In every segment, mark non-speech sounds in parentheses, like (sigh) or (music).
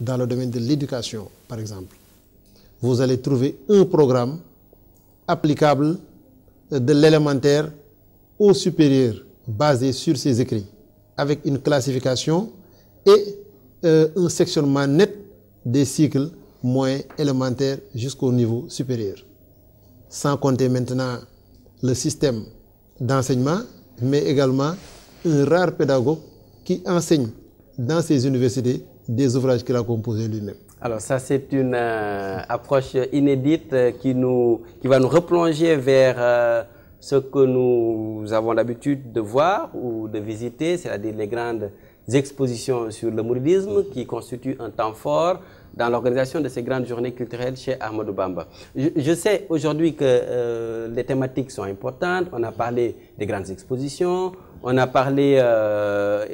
dans le domaine de l'éducation, par exemple, vous allez trouver un programme applicable euh, de l'élémentaire au supérieur, basé sur ces écrits, avec une classification et euh, un sectionnement net des cycles moins élémentaires jusqu'au niveau supérieur. Sans compter maintenant le système d'enseignement, mais également un rare pédagogue qui enseigne dans ces universités des ouvrages qu'il a composés lui-même. Alors ça, c'est une euh, approche inédite euh, qui, nous, qui va nous replonger vers euh, ce que nous avons l'habitude de voir ou de visiter, c'est-à-dire les grandes expositions sur le mouridisme qui constituent un temps fort dans l'organisation de ces grandes journées culturelles chez Ahmadou Bamba. Je, je sais aujourd'hui que les thématiques sont importantes. On a parlé des grandes expositions, on a parlé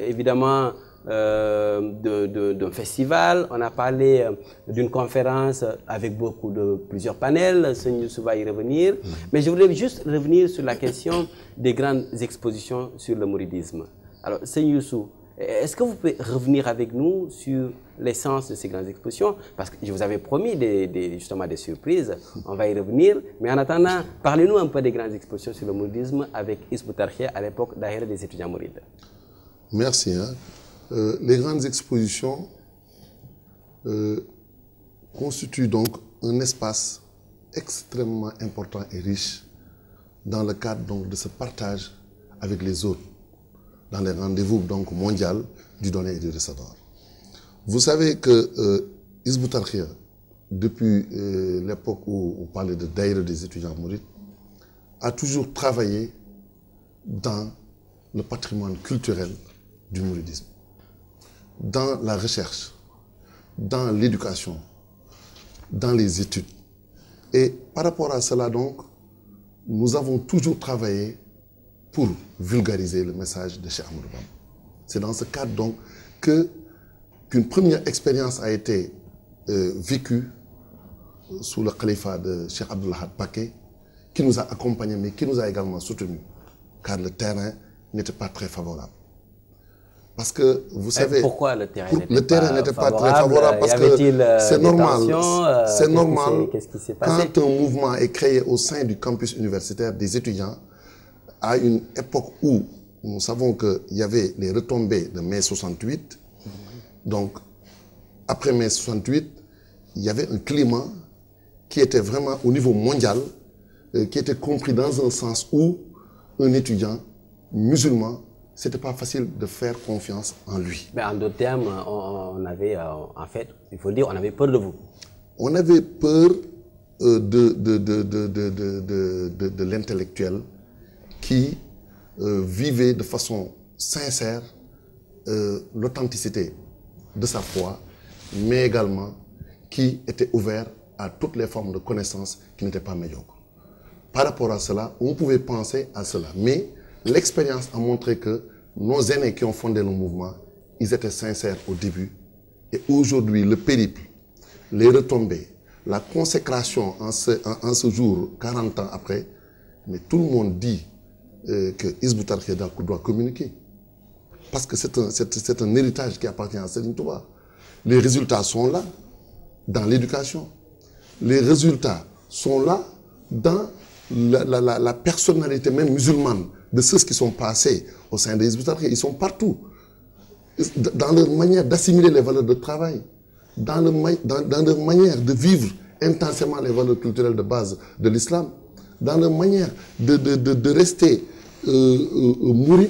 évidemment euh, d'un festival, on a parlé euh, d'une conférence avec beaucoup de plusieurs panels, Seigneur va y revenir. Mm-hmm. Mais je voulais juste revenir sur la question des grandes expositions sur le mouridisme. Alors, Seigneur est-ce que vous pouvez revenir avec nous sur l'essence de ces grandes expositions Parce que je vous avais promis des, justement des surprises, on va y revenir. Mais en attendant, parlez-nous un peu des grandes expositions sur le mouridisme avec Isbou à l'époque d'ailleurs des étudiants mourides. Merci. Hein. Euh, les grandes expositions euh, constituent donc un espace extrêmement important et riche dans le cadre donc, de ce partage avec les autres, dans les rendez-vous donc du donner et du recevoir. Vous savez que euh, depuis euh, l'époque où on parlait de Daïre des étudiants mourides, a toujours travaillé dans le patrimoine culturel du mouridisme dans la recherche, dans l'éducation, dans les études. Et par rapport à cela, donc, nous avons toujours travaillé pour vulgariser le message de Cheikh Amadou C'est dans ce cadre, donc, que qu'une première expérience a été euh, vécue euh, sous le califat de Cheikh Abdullah Baké, qui nous a accompagnés, mais qui nous a également soutenus, car le terrain n'était pas très favorable. Parce que vous eh, savez. pourquoi le terrain n'était pas, très favorable Parce que euh, c'est normal. Euh, c'est normal. quand un mouvement est créé au sein du campus universitaire des étudiants, à une époque où nous savons qu'il y avait les retombées de mai 68, donc après mai 68, il y avait un climat qui était vraiment au niveau mondial, euh, qui était compris dans un sens où un étudiant musulman c'était pas facile de faire confiance en lui. Mais en d'autres termes, on, avait, euh, en fait, il faut dire, on avait peur de vous. On avait peur euh, de, de, de, de l'intellectuel qui euh, vivait de façon sincère l'authenticité de sa foi, mais également qui était ouvert à toutes les formes de connaissances qui n'étaient pas médiocres. Par rapport à cela, on pouvait penser à cela, mais L'expérience a montré que nos aînés qui ont fondé le mouvement, ils étaient sincères au début. Et aujourd'hui, le périple, les retombées, la consécration en ce, jour, 40 ans après, mais tout le monde dit euh, que Isboutar doit communiquer. Parce que c'est un, héritage qui appartient à Céline Touba. Les résultats sont là, dans l'éducation. Les résultats sont là, dans la personnalité même musulmane de ceux qui sont passés au sein des l'islam, Ils sont partout. Dans leur manière d'assimiler les valeurs de travail, dans, le, dans, dans, leur manière de vivre intensément les valeurs culturelles de base de l'islam, dans leur manière de, de, de, rester euh, euh, euh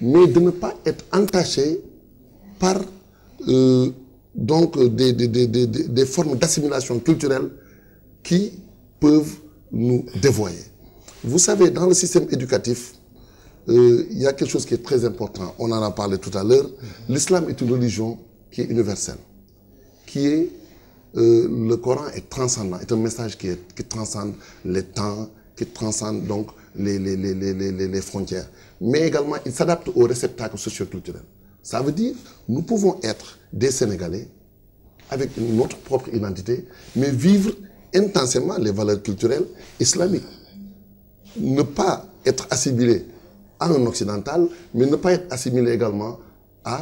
mais de ne pas être entaché par euh, donc des, des, des, des formes d'assimilation culturelle qui peuvent nous dévoyer. Vous savez, dans le système éducatif, euh, il y a quelque chose qui est très important. On en a parlé tout à l'heure. L'islam est une religion qui est universelle, qui est euh, le Coran est transcendant, est un message qui, transcende les temps, qui transcende donc les, les, les frontières. Mais également, il s'adapte au réceptacle socioculturel. Ça veut dire, nous pouvons être des Sénégalais avec notre propre identité, mais vivre intensément les valeurs culturelles islamiques. Ne pas être assimilés à un occidental, mais ne pas être assimilé également à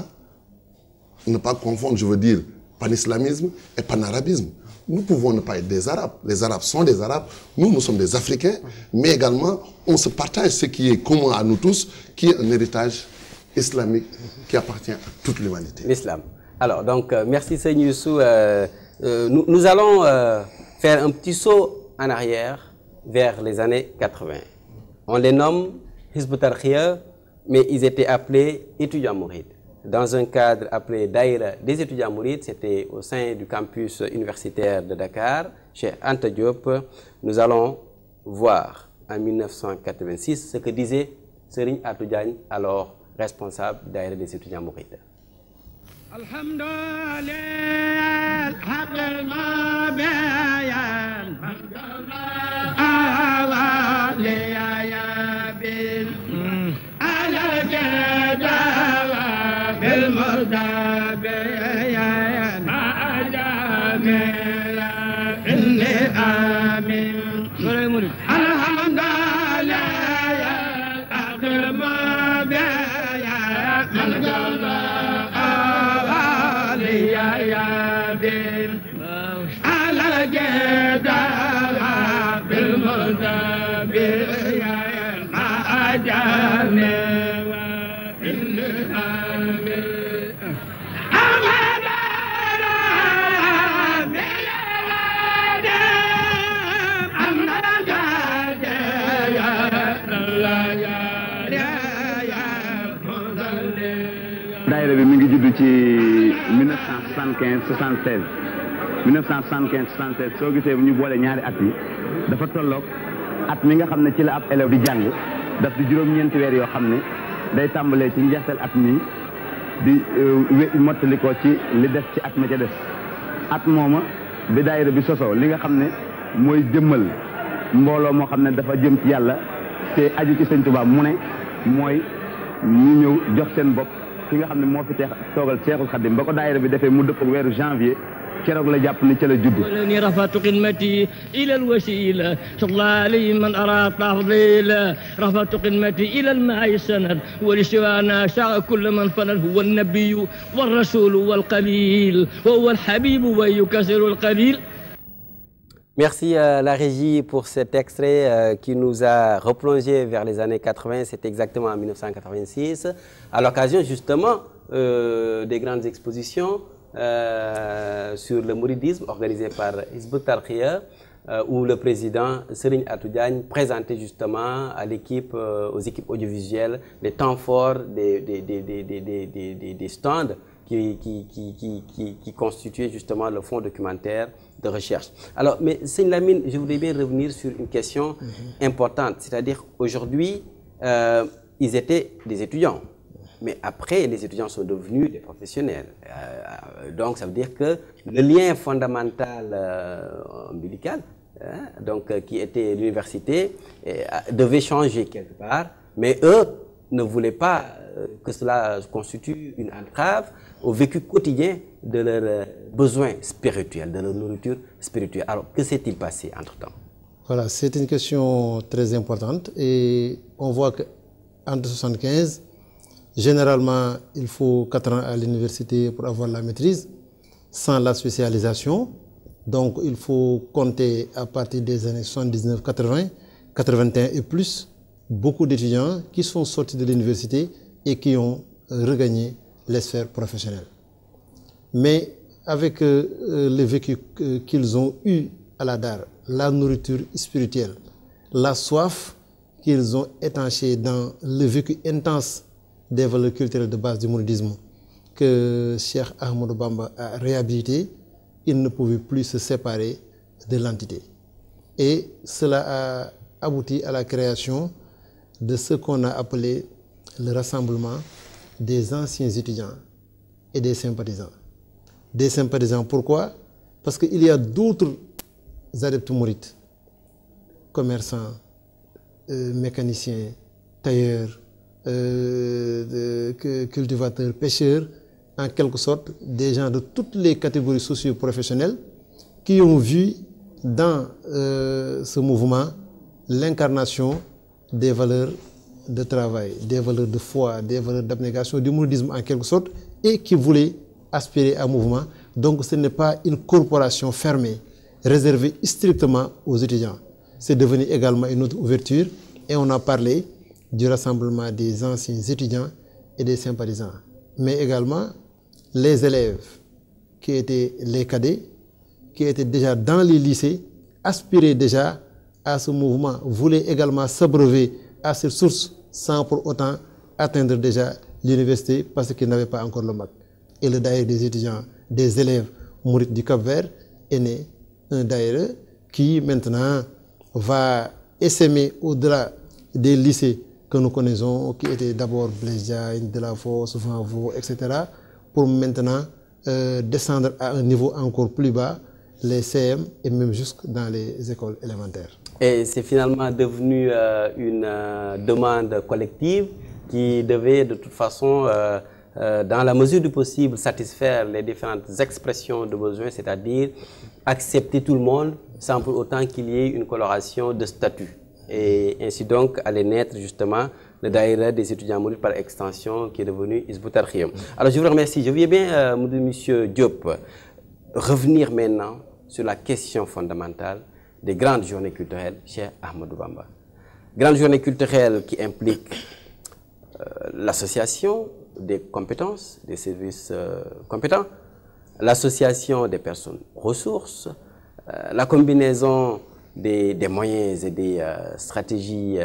ne pas confondre, je veux dire, panislamisme et pan-arabisme. Nous pouvons ne pas être des Arabes. Les Arabes sont des Arabes. Nous, nous sommes des Africains. Mais également, on se partage ce qui est commun à nous tous, qui est un héritage islamique qui appartient à toute l'humanité. L'islam. Alors, donc, euh, merci Seigneur Youssou. Euh, euh, nous, allons faire un petit saut en arrière vers les années 80. On les nomme mais ils étaient appelés étudiants mourides. Dans un cadre appelé Daïra des étudiants mourides, c'était au sein du campus universitaire de Dakar, chez Anta Diop. Nous allons voir en 1986 ce que disait Serigne Atoudiagne, alors responsable Daïra des étudiants mourides. الدين على الجدار بالمزابيع ما 1975 76 1975 76 soo gisee bu ñu boole ñaari at yi dafa tolloog at mi nga xam ne ci la ab élève di jàng daf di juróom-ñeenti weer yoo xam ne day tàmbalee ci njeexteel at mi di euh, mottali mottalikoo ci li def ci at ma ca des at mooma bi daayira bi sosoo li nga xam ne mooy jëmal mbooloo moo xam ne dafa jëm ci yàlla te aju ci sëñ Tuubaa mu ne mooy ñu ñëw jox seen bopp ki nga xam ne moo fi teex toogal Seexul Xadim ba ko daayira bi defee mu dëpp weeru janvier keroog la jàpp ni ca la judd ni rafatu qidmati ila alwasila salla alayhi man ara tafdila rafatu qidmati ila almaay sanad wa lisiwana saa kull man fanad huwa alnabiyu walrasulu walqalil wa huwa alhabibu wa yukasiru alqalil Merci à la régie pour cet extrait euh, qui nous a replongé vers les années 80, c'est exactement en 1986, à l'occasion justement euh, des grandes expositions euh, sur le mouridisme organisées par Isbek Tarkhia, où le président Serigne Atoudiagne présentait justement à l'équipe, aux équipes audiovisuelles les temps forts des stands qui, constituait justement le fonds documentaire de recherche. Alors, mais Seigne Lamine, je voudrais bien revenir sur une question mhm. importante, c'est-à-dire aujourd'hui, euh, ils étaient des étudiants, mais après, les étudiants sont devenus des professionnels. Euh, donc, ça veut dire que le lien fondamental euh, hein, donc euh, qui était l'université, devait changer quelque part, mais eux ne voulaient pas que cela constitue une entrave au vécu quotidien de leurs euh, besoins spirituels, de leur nourriture spirituelle. Alors, que s'est-il passé entre-temps Voilà, c'est une question très importante et on voit qu'en 1975, généralement, il faut 4 ans à l'université pour avoir la maîtrise, sans la spécialisation. Donc, il faut compter à partir des années 79, 80, 81 et plus, beaucoup d'étudiants qui sont sortis de l'université et qui ont regagné les sphères professionnelles. Mais avec le euh, euh, les vécus euh, qu'ils ont eu à la DAR, la nourriture spirituelle, la soif qu'ils ont étanchée dans le vécu intense des valeurs culturelles de base du monodisme que Cheikh Ahmed Bamba a réhabilité, ils ne pouvaient plus se séparer de l'entité. Et cela a abouti à la création de ce qu'on a appelé le rassemblement des anciens étudiants et des sympathisants. Des sympathisants, pourquoi Parce qu'il y a d'autres adeptes mourites, commerçants, euh, mécaniciens, tailleurs, euh, cultivateurs, pêcheurs, en quelque sorte des gens de toutes les catégories socio-professionnelles qui ont vu dans euh, ce mouvement l'incarnation des valeurs de travail, des valeurs de foi, des valeurs d'abnégation, du moudisme en quelque sorte, et qui voulait aspirer à un mouvement. Donc ce n'est pas une corporation fermée, réservée strictement aux étudiants. C'est devenu également une autre ouverture et on a parlé du rassemblement des anciens étudiants et des sympathisants. Mais également les élèves qui étaient les cadets, qui étaient déjà dans les lycées, aspiraient déjà à ce mouvement, voulaient également s'abreuver à ces source sans pour autant atteindre déjà l'université parce qu'il n'avaient pas encore le bac. Et le daïre des étudiants, des élèves mourites du Cap-Vert est né un daïre qui maintenant va essaimer au-delà des lycées que nous connaissons, qui étaient d'abord la Delafosse, Vanvo, etc., pour maintenant euh, descendre à un niveau encore plus bas, les CM et même jusque dans les écoles élémentaires. Et c'est finalement devenu euh, une euh, demande collective qui devait de toute façon, euh, dans la mesure du possible, satisfaire les différentes expressions de besoin, c'est-à-dire accepter tout le monde sans pour autant qu'il y ait une coloration de statut. Et ainsi donc allait naître justement le Daïra des étudiants mourides par extension qui est devenu Isboutarchium. Alors je vous remercie. Je viens bien, monsieur Diop, revenir maintenant sur la question fondamentale des grandes journées culturelles chez Ahmadou Bamba. Grande journée culturelle qui implique euh, l'association des compétences, des services euh, compétents, l'association des personnes ressources, euh, la combinaison des, moyens et des stratégies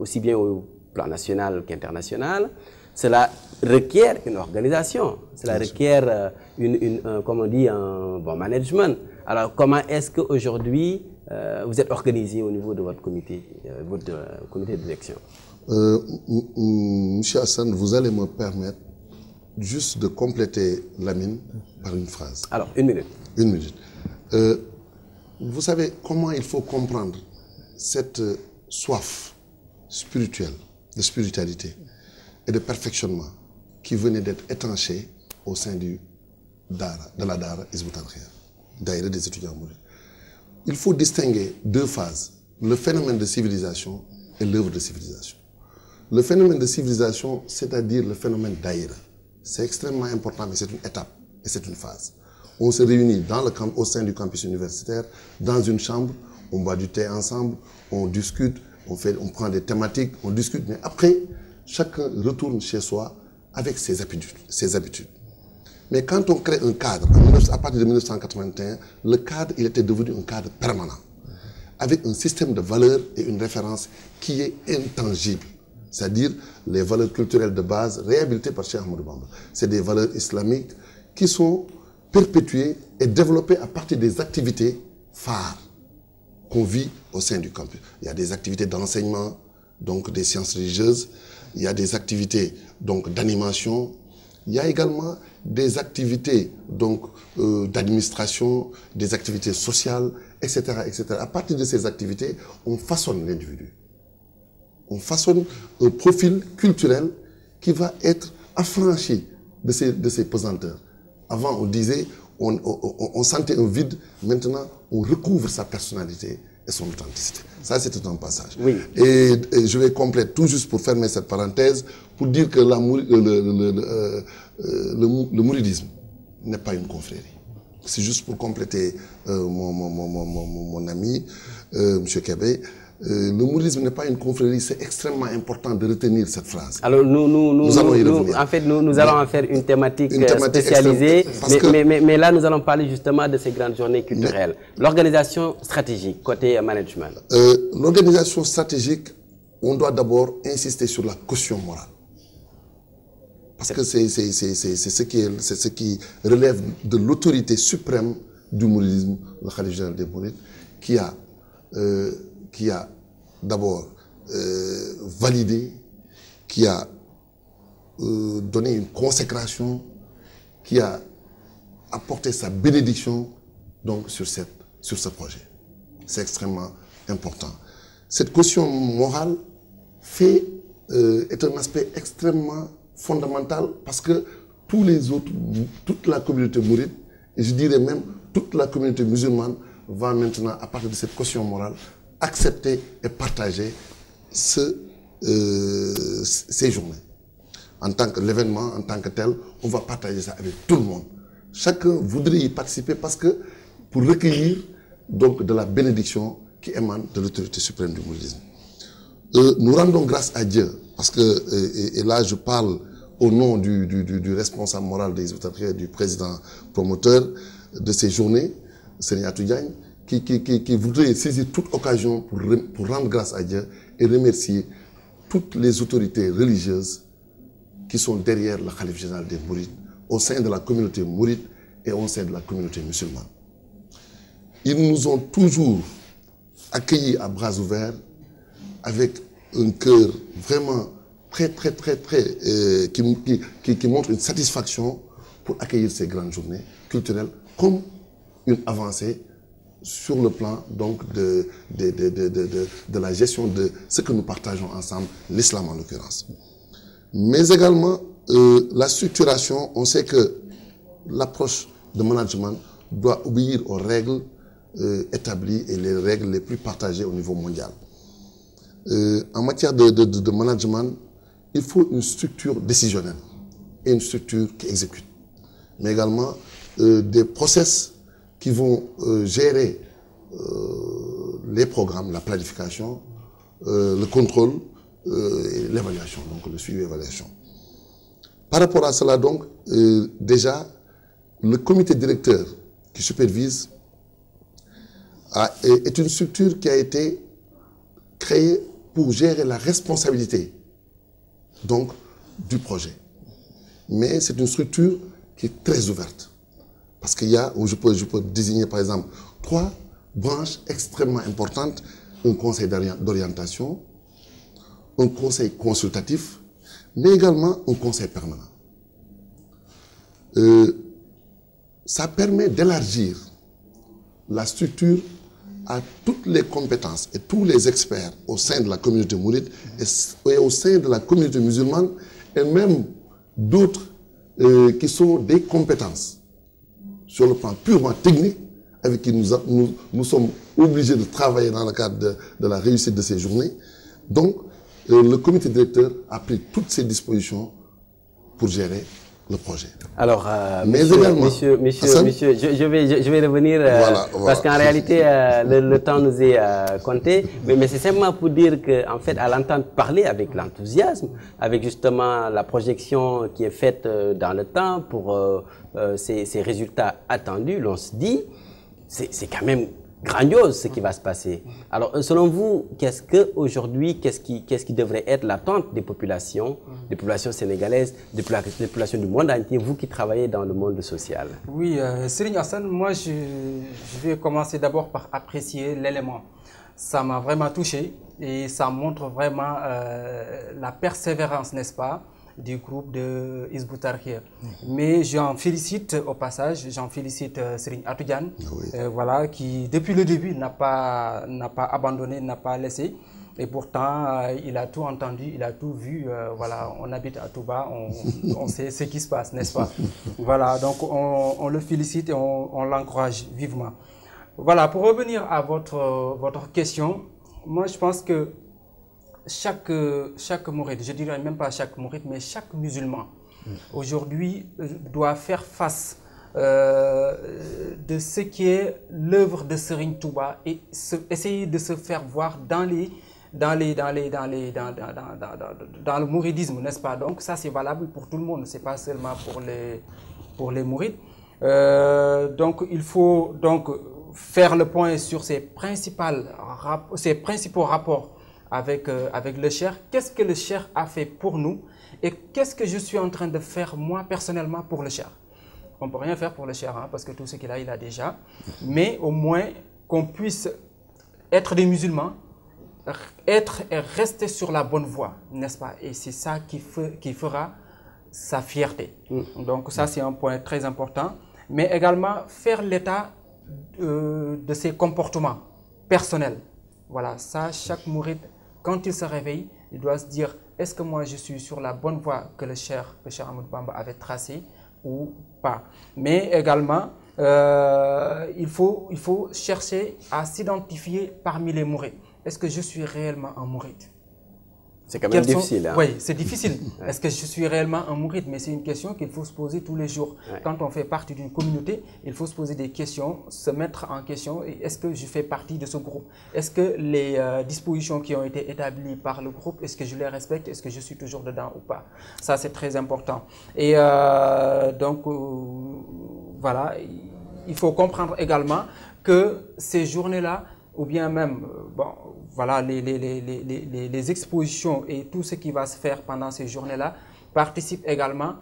aussi bien au plan national qu'international. Cela requiert une organisation, cela requiert une, comme on dit, un bon management alors, comment est-ce qu'aujourd'hui euh, vous êtes organisé au niveau de votre comité, euh, votre euh, comité d'élection euh, Monsieur Hassan, vous allez me permettre juste de compléter la mine par une phrase. Alors, une minute. Une minute. vous savez comment il faut comprendre cette soif spirituelle, de spiritualité et de perfectionnement qui venait d'être étranchée au sein du de la Dara Isboutanrière des étudiants Il faut distinguer deux phases, le phénomène de civilisation et l'œuvre de civilisation. Le phénomène de civilisation, c'est-à-dire le phénomène d'aïra, c'est extrêmement important, mais c'est une étape et c'est une phase. On se réunit dans le au sein du campus universitaire, dans une chambre, on boit du thé ensemble, on discute, on, fait, on prend des thématiques, on discute, mais après, chacun retourne chez soi avec ses habitudes. Ses habitudes. Mais quand on crée un cadre, à partir de 1981, le cadre il était devenu un cadre permanent, avec un système de valeurs et une référence qui est intangible. C'est-à-dire les valeurs culturelles de base réhabilitées par Cheikh Ahmed Bamba. C'est des valeurs islamiques qui sont perpétuées et développées à partir des activités phares qu'on vit au sein du campus. Il y a des activités d'enseignement, donc des sciences religieuses, il y a des activités d'animation, il y a également des activités donc euh, d'administration, des activités sociales, etc., etc. À partir de ces activités, on façonne l'individu. On façonne un profil culturel qui va être affranchi de ces, de pesanteurs. Avant, on disait, on, on sentait un vide. Maintenant, on recouvre sa personnalité et son authenticité. Ça, c'était un passage. Et, je vais compléter tout juste pour fermer cette parenthèse, pour dire que euh, le, mouridisme n'est pas une confrérie. C'est juste pour compléter euh, mon, ami, euh, M. Kébé. Euh, le mourisme n'est pas une confrérie, c'est extrêmement important de retenir cette phrase. Alors nous, nous, nous, allons en fait, nous, nous allons en faire une thématique, euh, spécialisée, mais, là nous allons parler justement de ces grandes journées culturelles. L'organisation stratégique, côté euh, management. L'organisation stratégique, on doit d'abord insister sur la caution morale. Parce que c'est ce, qui ce qui relève de l'autorité suprême du moulisme, le Khalid général des qui a qui a d'abord euh, validé, qui a euh, donné une consécration, qui a apporté sa bénédiction donc, sur, cette, sur ce projet. C'est extrêmement important. Cette caution morale fait, est euh, un aspect extrêmement fondamental parce que tous les autres, toute la communauté mouride, et je dirais même toute la communauté musulmane, va maintenant, à partir de cette caution morale, accepter et partager ce, euh, ces journées. En tant que l'événement, en tant que tel, on va partager ça avec tout le monde. Chacun voudrait y participer parce que pour recueillir donc de la bénédiction qui émane de l'autorité suprême du bouddhisme. Euh, nous rendons grâce à Dieu parce que, et, là je parle au nom du, responsable moral des et du président promoteur de ces journées, Seigneur Diagne, qui, qui, voudrait saisir toute occasion pour, rendre grâce à Dieu et remercier toutes les autorités religieuses qui sont derrière la Khalife général des Mourides, au sein de la communauté mouride et au sein de la communauté musulmane. Ils nous ont toujours accueillis à bras ouverts avec un cœur vraiment très, très, très, très, euh, qui, qui, montre une satisfaction pour accueillir ces grandes journées culturelles comme une avancée sur le plan donc de, de, de, de, de la gestion de ce que nous partageons ensemble, l'islam en l'occurrence. Mais également, euh, la structuration, on sait que l'approche de management doit obéir aux règles euh, établies et les règles les plus partagées au niveau mondial. Euh, en matière de, de, de, management, il faut une structure décisionnelle et une structure qui exécute, mais également des process qui vont euh, gérer euh, les programmes, la planification, euh, le contrôle, et l'évaluation, donc le suivi et l'évaluation. Par rapport à cela, donc, déjà, le comité directeur qui supervise est une structure qui a été créée pour gérer la responsabilité donc du projet. Mais c'est une structure qui est très ouverte. Parce qu'il y a, je peux, désigner par exemple trois branches extrêmement importantes. Un conseil d'orientation, un conseil consultatif, mais également un conseil permanent. Euh, ça permet d'élargir la structure à toutes les compétences et tous les experts au sein de la communauté mouride et au sein de la communauté musulmane et même d'autres euh, qui sont des compétences sur le plan purement technique avec qui nous, nous, sommes obligés de travailler dans le cadre de, la réussite de ces journées. Donc, euh, le comité directeur a pris toutes ses dispositions pour gérer projet. Alors, euh, Mais monsieur, monsieur, monsieur, je, vais, je, vais revenir euh, parce qu'en réalité, euh, le, temps nous est compté. Mais, c'est simplement pour dire qu'en en fait, à l'entendre parler avec l'enthousiasme, avec justement la projection qui est faite dans le temps pour ces, ces résultats attendus, l'on se dit, c'est quand même grandiose ce qui va se passer. Alors, selon vous, qu'est-ce que qu'est-ce qui, devrait être l'attente des populations, des populations sénégalaises, des, populations du monde entier, vous qui travaillez dans le monde social Oui, euh, Sérine moi, je, vais commencer d'abord par apprécier l'élément. Ça m'a vraiment touché et ça montre vraiment euh, la persévérance, n'est-ce pas du groupe de Isboutarkia. Mais j'en félicite au passage, j'en félicite euh, Serine Atoudian, euh, voilà, qui depuis le début n'a pas, pas abandonné, n'a pas laissé. Et pourtant, euh, il a tout entendu, il a tout vu. voilà, on habite à Touba, on, on (laughs) sait ce qui se passe, n'est-ce pas Voilà, donc on, on, le félicite et on, on l'encourage vivement. Voilà, pour revenir à votre, votre question, moi je pense que chaque, euh, chaque mouride, je dirais même pas chaque mouride, mais chaque musulman, hmm. aujourd'hui, euh, doit faire face euh, de ce qui est l'œuvre de Serigne Touba et essayer de se faire voir dans les dans les dans les dans les dans, dans, dans, dans le mouridisme n'est-ce pas donc ça c'est valable pour tout le monde c'est pas seulement pour les pour les mourides donc il faut donc faire le point sur ses principales ces principaux rapports avec, euh, avec le cher. Qu'est-ce que le cher a fait pour nous et qu'est-ce que je suis en train de faire moi personnellement pour le cher On ne peut rien faire pour le cher hein, parce que tout ce qu'il a, il a déjà. Mais au moins qu'on puisse être des musulmans, être et rester sur la bonne voie, n'est-ce pas Et c'est ça qui, qui, fera sa fierté. Mm. Donc ça, c'est un point très important. Mais également faire l'état euh, de ses comportements personnels. Voilà, ça, chaque mouride quand il se réveille, il doit se dire est-ce que moi je suis sur la bonne voie que le cher, Amoud Bamba avait tracée ou pas. Mais également, euh, il, faut, il faut chercher à s'identifier parmi les Mourides. Est-ce que je suis réellement un Mouride c'est quand même difficile. Hein. Oui, c'est difficile. (laughs) Est-ce que je suis réellement un mouride Mais c'est une question qu'il faut se poser tous les jours. Quand on fait partie d'une communauté, il faut se poser des questions, se mettre en question. Est-ce que je fais partie de ce groupe Est-ce que les euh, dispositions qui ont été établies par le groupe, est-ce que je les respecte Est-ce que je suis toujours dedans ou pas Ça, c'est très important. Et euh, donc, euh, voilà, il faut comprendre également que ces journées-là, ou bien même, bon, voilà, les, les, expositions et tout ce qui va se faire pendant ces journées-là participent également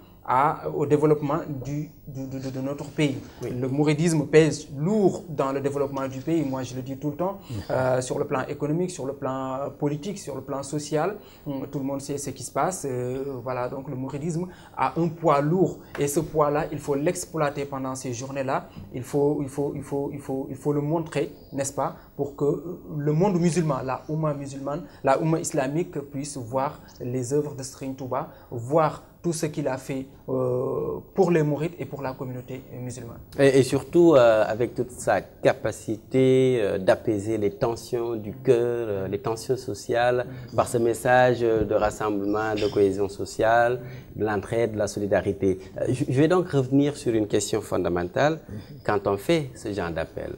au développement du, de, notre pays. Le mouridisme pèse lourd dans le développement du pays, moi je le dis tout le temps, mm. euh, sur le plan économique, sur le plan euh, politique, sur le plan social. Mm, tout le monde sait ce qui se passe. Euh, voilà, donc le mouridisme a un poids lourd et ce poids-là, il faut l'exploiter pendant ces journées-là. Il faut, il, faut, il, faut, il, faut, il faut le montrer, n'est-ce pas, pour que le monde musulman, la Ouma musulmane, la Ouma islamique puisse voir les œuvres de String Touba, voir tout ce qu'il a fait euh, pour les mourides et pour la communauté musulmane. Et, surtout euh, avec toute sa capacité euh, d'apaiser les tensions du cœur, les tensions sociales, par ce message de rassemblement, de cohésion sociale, de l'entraide, de la solidarité. Je, vais donc revenir sur une question fondamentale. Quand on fait ce genre d'appel,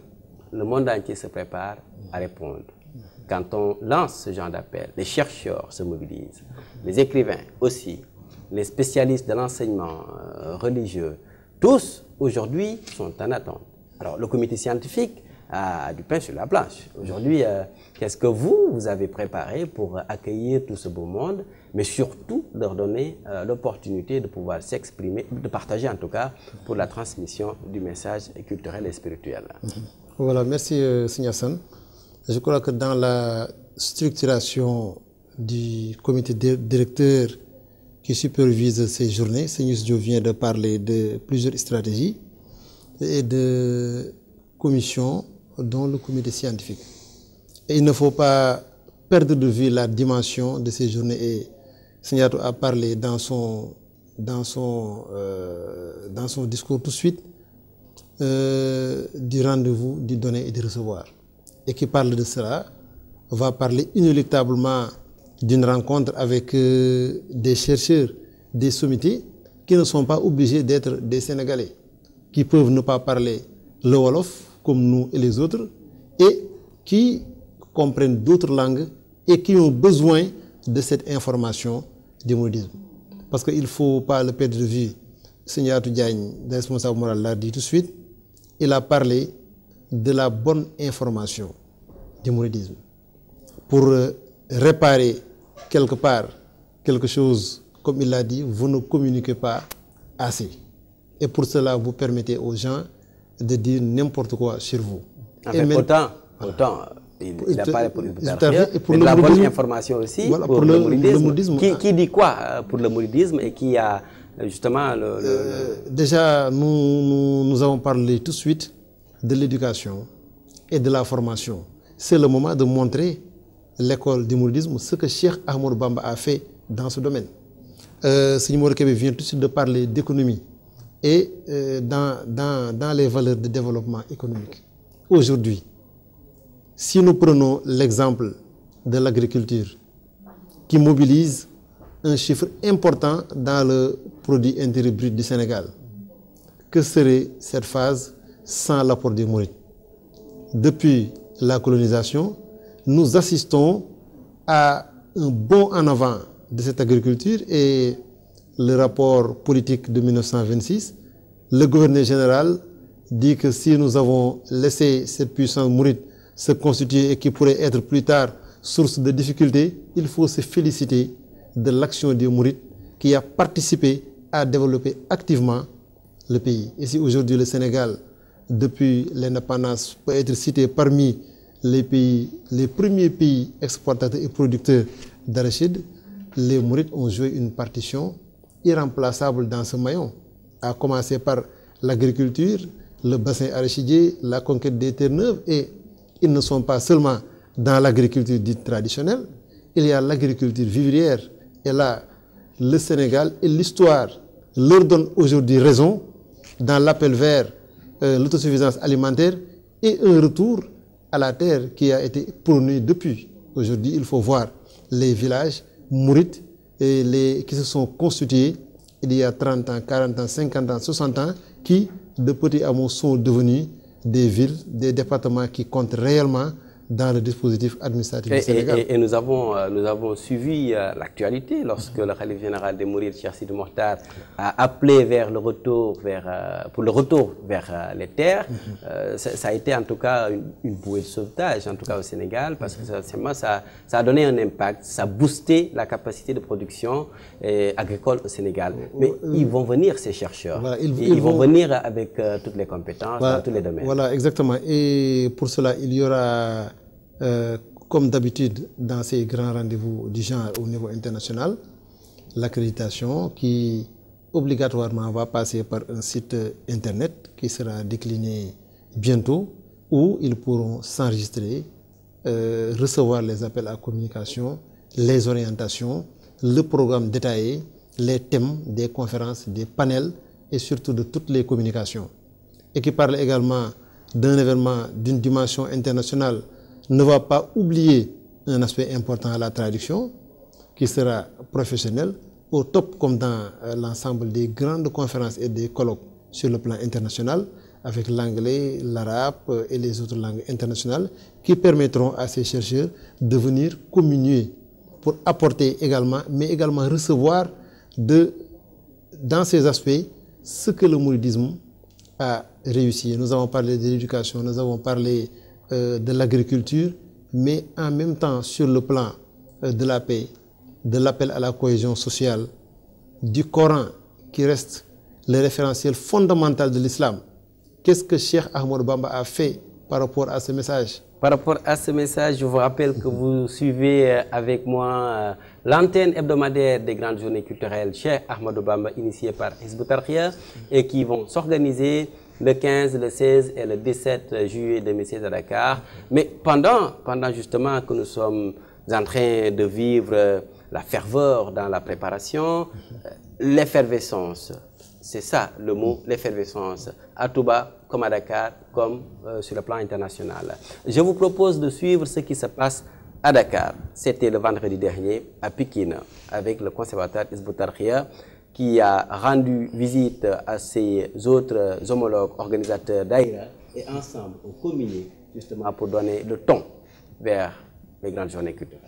le monde entier se prépare à répondre quand on lance ce genre d'appel, les chercheurs se mobilisent, les écrivains aussi, les spécialistes de l'enseignement euh, religieux, tous aujourd'hui sont en attente. Alors le comité scientifique a du pain sur la planche. Aujourd'hui, euh, qu'est-ce que vous, vous avez préparé pour accueillir tout ce beau monde, mais surtout leur donner euh, l'opportunité de pouvoir s'exprimer, de partager en tout cas pour la transmission du message culturel et spirituel. Mhm. Voilà, merci euh, Je crois que dans la structuration du comité directeur qui supervise ces journées. Seigneur je vient de parler de plusieurs stratégies et de commissions dont le comité scientifique. il ne faut pas perdre de vue la dimension de ces journées. Et Seigneur a parlé dans son, dans son, euh, dans son discours tout de suite euh, du rendez-vous, du donner et du recevoir. Et qui parle de cela va parler inéluctablement d'une rencontre avec euh, des chercheurs, des sommités, qui ne sont pas obligés d'être des Sénégalais, qui peuvent ne pas parler le Wolof, comme nous et les autres, et qui comprennent d'autres langues et qui ont besoin de cette information du Parce qu'il ne faut pas le perdre de vue. Seigneur Diagne, responsable moral, l'a dit tout de suite, il a parlé de la bonne information du mouridisme pour euh, réparer quelque part quelque chose, comme il l'a dit, vous ne communiquez pas assez. Et pour cela, vous permettez aux gens de dire n'importe quoi sur vous. autant, autant, il, a parlé pour, mais le la bonne information aussi pour, le, qui, qui, dit quoi euh, pour le mouridisme et qui a euh, justement le... Euh, déjà, nous, nous avons parlé tout de suite de l'éducation et de la formation. C'est le moment de montrer l'école du mouridisme, ce que Cheikh Amour Bamba a fait dans ce domaine. Euh, Seigneur Kébé vient tout de suite de parler d'économie et euh, dans, dans, dans, les valeurs de développement économique. Aujourd'hui, si nous prenons l'exemple de l'agriculture qui mobilise un chiffre important dans le produit intérieur brut du Sénégal, que serait cette phase sans l'apport du Mourid Depuis la colonisation, nous assistons à un bond en avant de cette agriculture et le rapport politique de 1926, le gouverneur général dit que si nous avons laissé cette puissance mourite se constituer et qui pourrait être plus tard source de difficultés, il faut se féliciter de l'action du mourite qui a participé à développer activement le pays. Et si aujourd'hui le Sénégal, depuis l'indépendance, peut être cité parmi les pays, les premiers pays exportateurs et producteurs d'arachides, les Mourites ont joué une partition irremplaçable dans ce maillon, à commencer par l'agriculture, le bassin arachidier, la conquête des terres neuves, et ils ne sont pas seulement dans l'agriculture dite traditionnelle, il y a l'agriculture vivrière, et là, le Sénégal et l'histoire leur donnent aujourd'hui raison dans l'appel vers euh, l'autosuffisance alimentaire et un retour à la terre qui a été prônée depuis. Aujourd'hui, il faut voir les villages mourites et les, qui se sont constitués il y a 30 ans, 40 ans, 50 ans, 60 ans, qui, de petits à sont devenus des villes, des départements qui comptent réellement dans le dispositif administratif et, du Sénégal. Et, nous, avons, euh, nous avons suivi euh, l'actualité lorsque le Khalif général des de Chersi de Mortar, a appelé vers le retour, vers, euh, pour le retour vers les terres. Mm-hmm. ça, a été en tout cas une, bouée de sauvetage, en tout cas au Sénégal, parce que ça, ça, a donné un impact, ça a boosté la capacité de production agricole au Sénégal. Mais ils vont venir, ces chercheurs. ils, vont, venir avec toutes les compétences dans tous les domaines. Voilà, exactement. Et pour cela, il y aura euh, comme d'habitude dans ces grands rendez-vous du genre au niveau international, l'accréditation qui obligatoirement va passer par un site internet qui sera décliné bientôt où ils pourront s'enregistrer, euh, recevoir les appels à communication, les orientations, le programme détaillé, les thèmes des conférences, des panels et surtout de toutes les communications. Et qui parle également d'un événement d'une dimension internationale ne va pas oublier un aspect important à la traduction, qui sera professionnel, au top comme dans euh, l'ensemble des grandes conférences et des colloques sur le plan international, avec l'anglais, l'arabe euh, et les autres langues internationales, qui permettront à ces chercheurs de venir communier pour apporter également, mais également recevoir de, dans ces aspects ce que le mouridisme a réussi. Nous avons parlé de l'éducation, nous avons parlé euh, de l'agriculture, mais en même temps sur le plan euh, de la paix, de l'appel à la cohésion sociale, du Coran qui reste le référentiel fondamental de l'islam. Qu'est-ce que Cheikh Ahmed Bamba a fait par rapport à ce message Par rapport à ce message, je vous rappelle que vous suivez euh, avec moi l'antenne hebdomadaire des grandes journées culturelles Cheikh Ahmed Bamba initiée par Hezbollah et qui vont s'organiser le 15, le 16 et le 17 juillet 2016 à Dakar. Mais pendant, pendant justement que nous sommes en train de vivre euh, la ferveur dans la préparation, euh, l'effervescence, c'est ça le mot, l'effervescence, à Touba comme à Dakar, comme euh, sur le plan international. Je vous propose de suivre ce qui se passe à Dakar. C'était le vendredi dernier à Pékin avec le conservateur Ria qui a rendu visite à ses autres homologues organisateurs d'Aïra et ensemble au combiné justement pour donner le ton vers les grandes journées culturelles.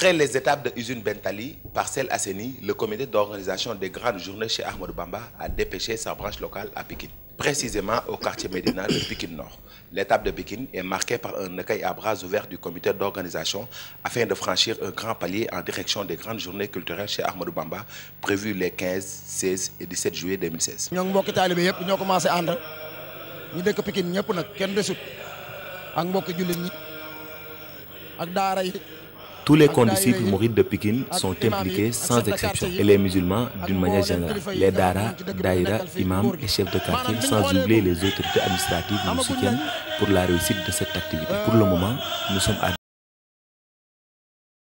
Après les étapes de Usine Bentali, Parcelle Asseni, le comité d'organisation des grandes journées chez Ahmed Bamba a dépêché sa branche locale à Pékin, précisément au quartier médina de Pékin Nord. L'étape de Pékin est marquée par un accueil à bras ouvert du comité d'organisation afin de franchir un grand palier en direction des grandes journées culturelles chez Ahmed Bamba prévues les 15, 16 et 17 juillet 2016. Nous avons commencé à tous les condisciples mourides de Pékin sont impliqués sans exception. Et les musulmans, d'une manière générale, les dara, daïra, imams et chefs de quartier, sans oublier les autorités administratives nous pour la réussite de cette activité. Pour le moment, nous sommes à